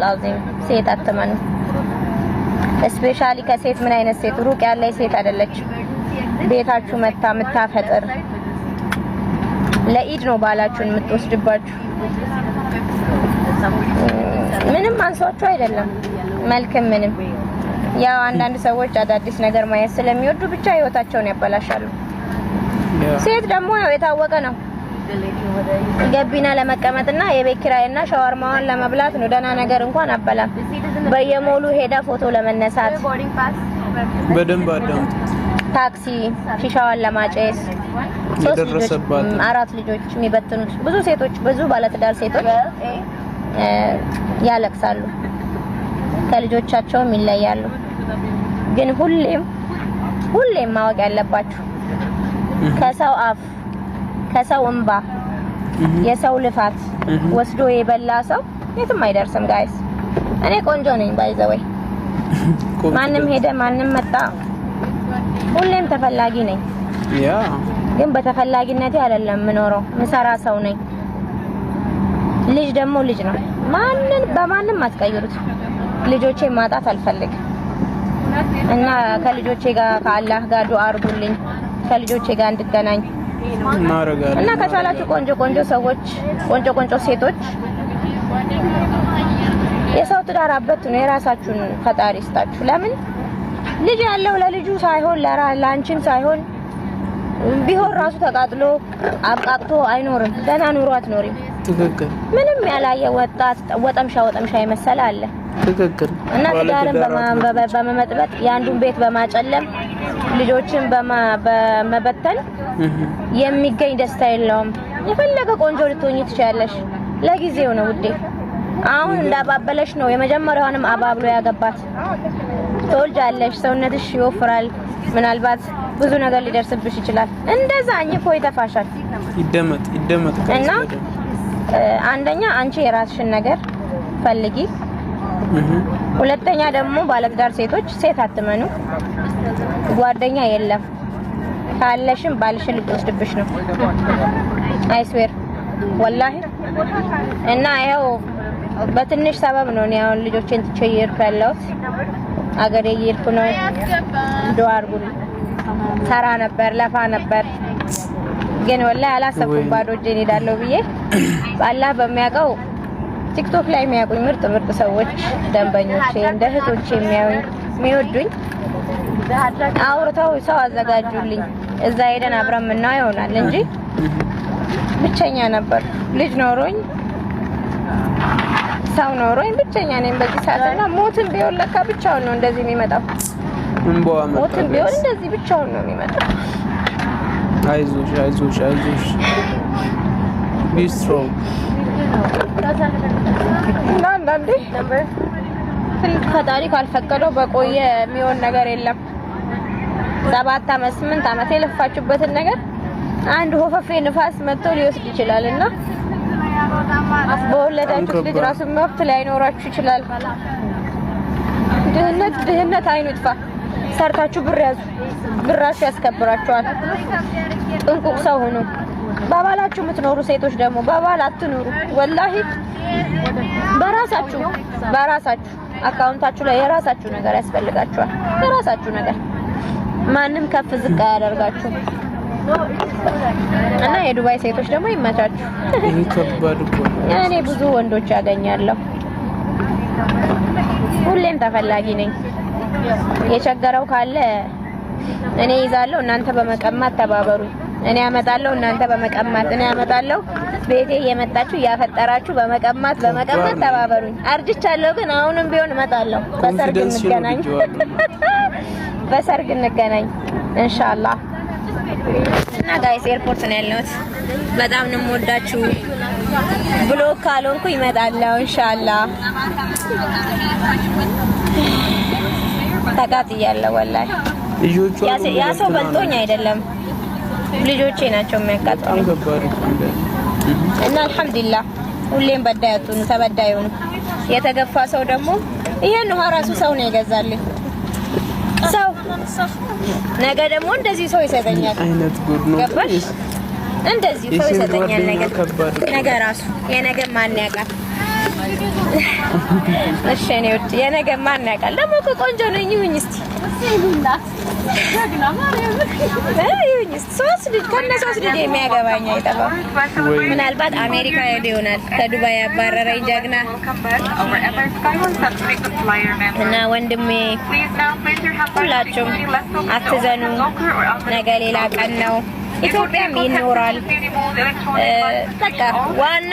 ላዚም ሴት አትመኑ። ስፔሻሊ ከሴት ምን አይነት ሴት ሩቅ ያለ ሴት አይደለች። ቤታችሁ መታ የምታፈጥር ለኢድ ነው ባላችሁን የምትወስድባችሁ። ምንም አንሷችሁ አይደለም፣ መልክም ምንም። ያው አንዳንድ ሰዎች አዳዲስ ነገር ማየት ስለሚወዱ ብቻ ህይወታቸውን ያበላሻሉ። ሴት ደግሞ ያው የታወቀ ነው። ገቢና ለመቀመጥና የቤት ኪራይና ሻወርማዋን ለመብላት ነው። ደህና ነገር እንኳን አበላም። በየሞሉ ሄዳ ፎቶ ለመነሳት በደንብ አዳምጥ። ታክሲ ሺሻዋን ለማጨስ የደረሰባት አራት ልጆች የሚበትኑት ብዙ ሴቶች ብዙ ባለትዳር ሴቶች ያለቅሳሉ፣ ከልጆቻቸውም ይለያሉ። ግን ሁሌም ሁሌም ማወቅ ያለባችሁ ከሰው አፍ ከሰው እንባ የሰው ልፋት ወስዶ የበላ ሰው የትም አይደርስም። ጋይስ እኔ ቆንጆ ነኝ ወይ ማንም ሄደ ማንም መጣ ሁሌም ተፈላጊ ነኝ። ያ ግን በተፈላጊነቴ አይደለም የምኖረው፣ ምሰራ ሰው ነኝ። ልጅ ደግሞ ልጅ ነው። ማንን በማንም አትቀይሩት። ልጆቼ ማጣት አልፈልግም እና ከልጆቼ ጋር ከአላህ ጋር ዱአ አድርጉልኝ ከልጆቼ ጋር እንድገናኝ እናደርጋለን እና ከቻላችሁ ቆንጆ ቆንጆ ሰዎች ቆንጆ ቆንጆ ሴቶች የሰው ትዳር አበት ነው። የራሳችሁን ፈጣሪ ስታችሁ ለምን ልጅ ያለው ለልጁ ሳይሆን ለአንቺም ሳይሆን ቢሆን ራሱ ተቃጥሎ አብቃቅቶ አይኖርም። ደህና ኑሮ አትኖሪም። ትክክል። ምንም ያላየ ወጣት ወጠምሻ ወጠምሻ የመሰለ አለ። ትክክል። እና ትዳርን በመመጥበጥ የአንዱን ቤት በማጨለም ልጆችን በመበተን የሚገኝ ደስታ የለውም። የፈለገ ቆንጆ ልትሆኚ ትችያለሽ። ለጊዜው ነው ውዴ። አሁን እንዳባበለሽ ነው። የመጀመሪያውንም አባብሎ ያገባት ትወልጃለሽ፣ ሰውነትሽ ይወፍራል። ምናልባት ብዙ ነገር ሊደርስብሽ ይችላል። እንደዛ አኝኮ ይተፋሻል። ይደመጥ ይደመጥ እና አንደኛ አንቺ የራስሽን ነገር ፈልጊ። ሁለተኛ ደግሞ ባለትዳር ሴቶች ሴት አትመኑ። ጓደኛ የለም ካለሽም ባልሽን ልትወስድብሽ ነው። አይስዌር ወላሂ። እና ያው በትንሽ ሰበብ ነው እኔ አሁን ልጆቼን ትቼ እየሄድኩ ያለሁት አገሬ እየሄድኩ ነው። ዱአ አድርጉልኝ። ሰራ ነበር ለፋ ነበር ግን ወላሂ አላሰብኩም ባዶ እጄን እሄዳለሁ ብዬ አላህ በሚያውቀው ቲክቶክ ላይ የሚያውቁኝ ምርጥ ምርጥ ሰዎች ደንበኞቼ፣ እንደ እህቶቼ የሚያዩኝ የሚወዱኝ አውርተው ሰው አዘጋጁልኝ። እዛ ሄደን አብረን የምናየው ይሆናል እንጂ ብቸኛ ነበር። ልጅ ኖሮኝ ሰው ኖሮኝ ብቸኛ ነኝ በዚህ ሰዓትና ሞትም ቢሆን ለካ ብቻውን ነው እንደዚህ የሚመጣው። እንቦዋ ሞትም ቢሆን እንደዚህ ብቻውን ነው የሚመጣው። አይዞሽ፣ አይዞሽ፣ አይዞሽ ቢስትሮ ፈጣሪ ካልፈቀደው በቆየ የሚሆን ነገር የለም። ሰባት አመት ስምንት አመት የለፋችሁበትን ነገር አንድ ሆፈፌ ንፋስ መጥቶ ሊወስድ ይችላል እና በወለዳችሁ ልጅ ራሱ መብት ላይኖራችሁ ይችላል። ድህነት ድህነት አይኑ ይጥፋ። ሰርታችሁ ብር ያዙ፣ ብራችሁ ያስከብራችኋል። ጥንቁቅ ሰው ሁኑ። በባላችሁ የምትኖሩ ሴቶች ደግሞ በባል አትኑሩ። ወላሂ በራሳችሁ በራሳችሁ አካውንታችሁ ላይ የራሳችሁ ነገር ያስፈልጋችኋል። የራሳችሁ ነገር ማንም ከፍ ዝቅ አያደርጋችሁ እና የዱባይ ሴቶች ደግሞ ይመቻችሁ። እኔ ብዙ ወንዶች ያገኛለሁ። ሁሌም ተፈላጊ ነኝ። የቸገረው ካለ እኔ ይዛለሁ። እናንተ በመቀማት ተባበሩኝ። እኔ አመጣለሁ፣ እናንተ በመቀማት እኔ አመጣለሁ። ቤቴ እየመጣችሁ እያፈጠራችሁ በመቀማት በመቀማት ተባበሩኝ። አርጅቻለሁ ግን አሁንም ቢሆን እመጣለሁ። በሰርግ እንገናኝ፣ በሰርግ እንገናኝ ኢንሻአላህ። እና ጋይስ ኤርፖርት ነው ያለሁት። በጣም ነው የምወዳችሁ። ብሎክ ካልሆንኩ ይመጣለሁ ኢንሻአላህ። ተቃጥያለሁ ወላሂ ያ ሰው በልጦኝ አይደለም ልጆቼ ናቸው የሚያቃጥሉ እና አልሐምዱሊላህ ሁሌም በዳይ አትሁኑ፣ ተበዳይ ሁኑ። የተገፋ ሰው ደግሞ ይሄን ውሃ ራሱ ሰው ነው የገዛልኝ። ሰው ነገ ደግሞ እንደዚህ ሰው ይሰጠኛል። አይነት ጉድ ገባሽ? እንደዚህ ሰው ይሰጠኛል። ነገ ራሱ የነገ ማን ያውቃል? እሺ፣ እኔ ውድ የነገ ማን ያውቃል? ደግሞ ከቆንጆ ነኝ። ይሁኝ እስቲ ሶስት ልጅ ከነ ሶስት ልጅ የሚያገባኝ አይጠፋም። ምናልባት አሜሪካ ሄደ ይሆናል ከዱባይ ያባረረኝ ጀግና እና ወንድሜ ሁላችሁም አትዘኑ። ነገ ሌላ ቀን ነው። ኢትዮጵያም ይኖራል። በቃ ዋና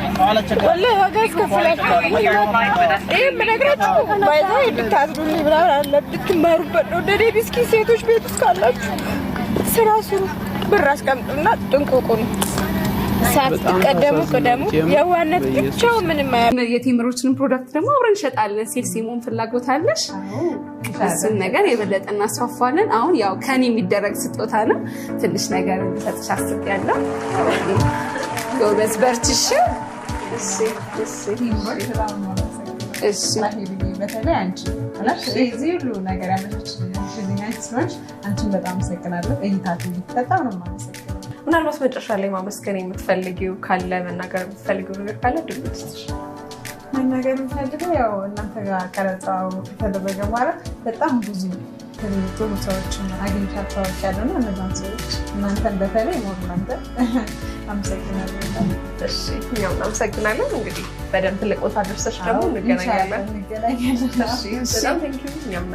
ብትማሩበት ሴቶች ቤት ውስጥ ካላችሁ ስራ ስሩ። ብር አስቀምጡና ጥንቁቁ ነው። ሳትቀደሙ ቅደሙ። የዋነት ብቻው ምንም የቴምሮችንም ፕሮዳክት ደግሞ አብረን እንሸጣለን። ሲል ሲሞን ፍላጎት አለሽ እሱን ነገር የበለጠ እናስፋፋለን። አሁን ያው ከኔ የሚደረግ ስጦታ ነው። ትንሽ ነገር ሰጥሽ አስብ ጎበዝ በርችሽ በተለይ አንቺ ምናልባት መጨረሻ ላይ ማመስገን የምትፈልጊው ካለ መናገር የምትፈልጊው ነገር ካለ ድምፅ መናገር የምፈልገው ያው እናንተ ጋር ቀረጻው የተደረገ በኋላ በጣም ብዙ ጥሩ ሰዎችን አግኝቻቸዋለሁ እና እነዛን ሰዎች እናንተን በተለይ ሞር እናንተ አመሰግናለን። እንግዲህ በደንብ ትልቅ ቦታ ደርሰሽ ደግሞ እንገናኛለን። እኛም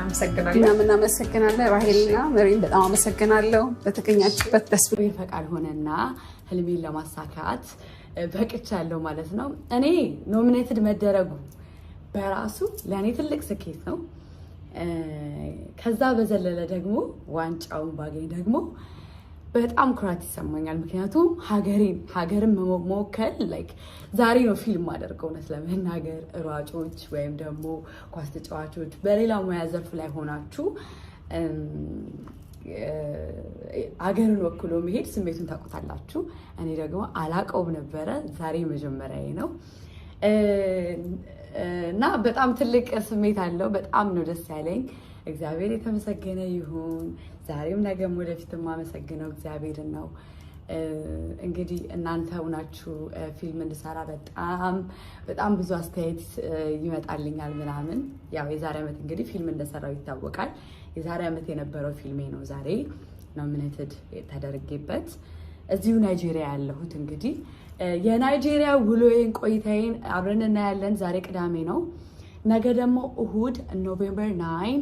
እናመሰግናለን። ራሄልና መሪን በጣም አመሰግናለሁ። በተገኛችሁበት ደስ ብሎኝ ፈቃድ ሆነና ህልሜን ለማሳካት በቅቻለሁ ማለት ነው። እኔ ኖሚኔትድ መደረጉ በራሱ ለእኔ ትልቅ ስኬት ነው። ከዛ በዘለለ ደግሞ ዋንጫውን ባገኝ ደግሞ በጣም ኩራት ይሰማኛል። ምክንያቱም ሀገሬን ሀገርን መወከል ላይክ ዛሬ ነው ፊልም አደርገው እውነት ለመናገር ሯጮች ወይም ደግሞ ኳስ ተጫዋቾች በሌላ ሙያ ዘርፍ ላይ ሆናችሁ አገርን ወክሎ መሄድ ስሜቱን ታውቁታላችሁ። እኔ ደግሞ አላቀውም ነበረ። ዛሬ መጀመሪያ ነው እና በጣም ትልቅ ስሜት አለው። በጣም ነው ደስ ያለኝ። እግዚአብሔር የተመሰገነ ይሁን። ዛሬም ነገም ወደፊት የማመሰግነው እግዚአብሔርን ነው። እንግዲህ እናንተ ሁናችሁ ፊልም እንድሰራ በጣም በጣም ብዙ አስተያየት ይመጣልኛል ምናምን። ያው የዛሬ ዓመት እንግዲህ ፊልም እንደሰራው ይታወቃል። የዛሬ ዓመት የነበረው ፊልሜ ነው ዛሬ ኖሚኔትድ ተደርጌበት እዚሁ ናይጄሪያ ያለሁት እንግዲህ የናይጄሪያ ውሎዬን ቆይታዬን አብረን እናያለን። ዛሬ ቅዳሜ ነው። ነገ ደግሞ እሁድ ኖቬምበር ናይን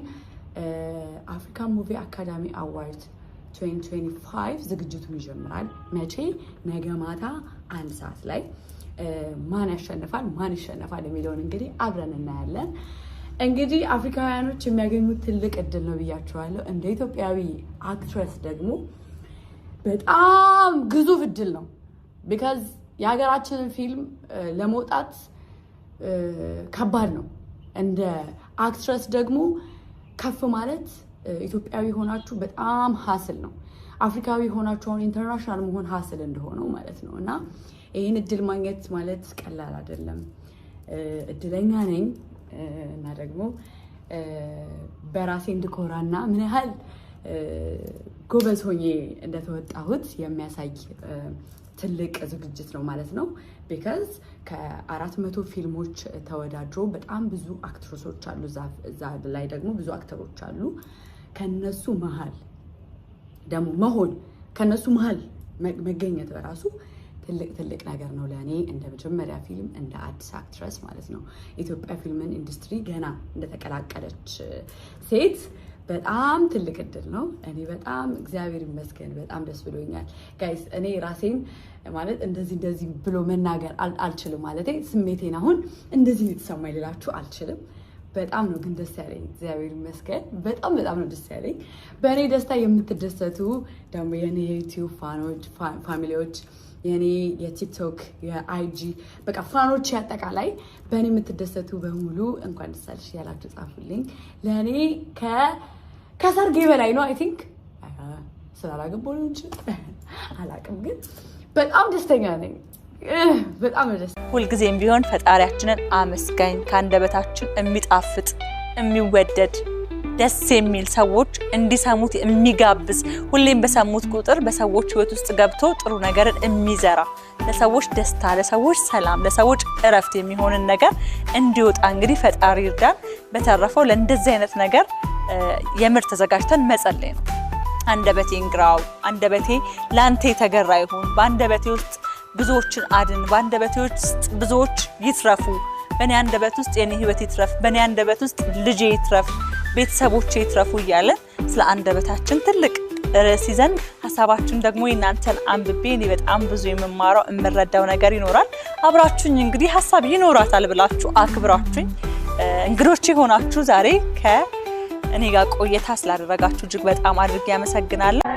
አፍሪካን ሙቪ አካዳሚ አዋርድ 2025 ዝግጅቱን ይጀምራል። መቼ? ነገ ማታ አንድ ሰዓት ላይ ማን ያሸንፋል፣ ማን ይሸነፋል የሚለውን እንግዲህ አብረን እናያለን። እንግዲህ አፍሪካውያኖች የሚያገኙት ትልቅ እድል ነው ብያቸዋለሁ። እንደ ኢትዮጵያዊ አክትረስ ደግሞ በጣም ግዙፍ እድል ነው። ቢካዝ የሀገራችንን ፊልም ለመውጣት ከባድ ነው። እንደ አክትረስ ደግሞ ከፍ ማለት ኢትዮጵያዊ ሆናችሁ በጣም ሀስል ነው። አፍሪካዊ ሆናችሁ አሁን ኢንተርናሽናል መሆን ሀስል እንደሆነው ማለት ነው እና ይህን እድል ማግኘት ማለት ቀላል አይደለም። እድለኛ ነኝ እና ደግሞ በራሴ እንድኮራና ምን ያህል ጎበዝ ሆኜ እንደተወጣሁት የሚያሳይ ትልቅ ዝግጅት ነው ማለት ነው። ቢካዝ ከአራት መቶ ፊልሞች ተወዳድሮ በጣም ብዙ አክትረሶች አሉ፣ እዛ ላይ ደግሞ ብዙ አክተሮች አሉ። ከነሱ መሀል ደግሞ መሆን ከነሱ መሀል መገኘት በራሱ ትልቅ ትልቅ ነገር ነው ለእኔ እንደ መጀመሪያ ፊልም እንደ አዲስ አክትረስ ማለት ነው። ኢትዮጵያ ፊልምን ኢንዱስትሪ ገና እንደተቀላቀለች ሴት በጣም ትልቅ እድል ነው። እኔ በጣም እግዚአብሔር ይመስገን በጣም ደስ ብሎኛል ጋይስ። እኔ ራሴን ማለት እንደዚህ እንደዚህ ብሎ መናገር አልችልም ማለት ስሜቴን አሁን እንደዚህ የተሰማ ልላችሁ አልችልም። በጣም ነው ግን ደስ ያለኝ እግዚአብሔር ይመስገን። በጣም በጣም ነው ደስ ያለኝ። በእኔ ደስታ የምትደሰቱ ደግሞ የኔ የዩቲዩብ ፋኖች ፋሚሊዎች የኔ የቲክቶክ የአይጂ በቃ ፋኖች አጠቃላይ በእኔ የምትደሰቱ በሙሉ እንኳን ደስ አለሽ ያላችሁ ጻፉልኝ። ለእኔ ከሰርጌ በላይ ነው። አይ ቲንክ ስላላገባ ነው እንጂ አላቅም፣ ግን በጣም ደስተኛ ነኝ። በጣም ደስ ሁልጊዜም ቢሆን ፈጣሪያችንን አመስጋኝ ከአንደበታችን የሚጣፍጥ የሚወደድ ደስ የሚል ሰዎች እንዲሰሙት የሚጋብዝ ሁሌም በሰሙት ቁጥር በሰዎች ህይወት ውስጥ ገብቶ ጥሩ ነገርን የሚዘራ ለሰዎች ደስታ፣ ለሰዎች ሰላም፣ ለሰዎች እረፍት የሚሆንን ነገር እንዲወጣ እንግዲህ ፈጣሪ ይርዳን። በተረፈው ለእንደዚህ አይነት ነገር የምር ተዘጋጅተን መጸለይ ነው። አንደበቴ እንግራው፣ አንደበቴ ለአንተ የተገራ ይሁን፣ በአንደበቴ ውስጥ ብዙዎችን አድን፣ በአንደበቴ ውስጥ ብዙዎች ይትረፉ፣ በእኔ አንደበት ውስጥ የኔ ህይወት ይትረፍ፣ በእኔ አንደበት ውስጥ ልጄ ይትረፍ ቤተሰቦች ይትረፉ እያለን ስለ አንደበታችን ትልቅ ርዕስ ይዘን ሀሳባችን ደግሞ የእናንተን አንብቤ እኔ በጣም ብዙ የምማረው የምረዳው ነገር ይኖራል። አብራችሁኝ እንግዲህ ሀሳብ ይኖራታል ብላችሁ አክብራችሁኝ እንግዶች የሆናችሁ ዛሬ ከእኔ ጋር ቆይታ ስላደረጋችሁ እጅግ በጣም አድርጌ ያመሰግናለሁ።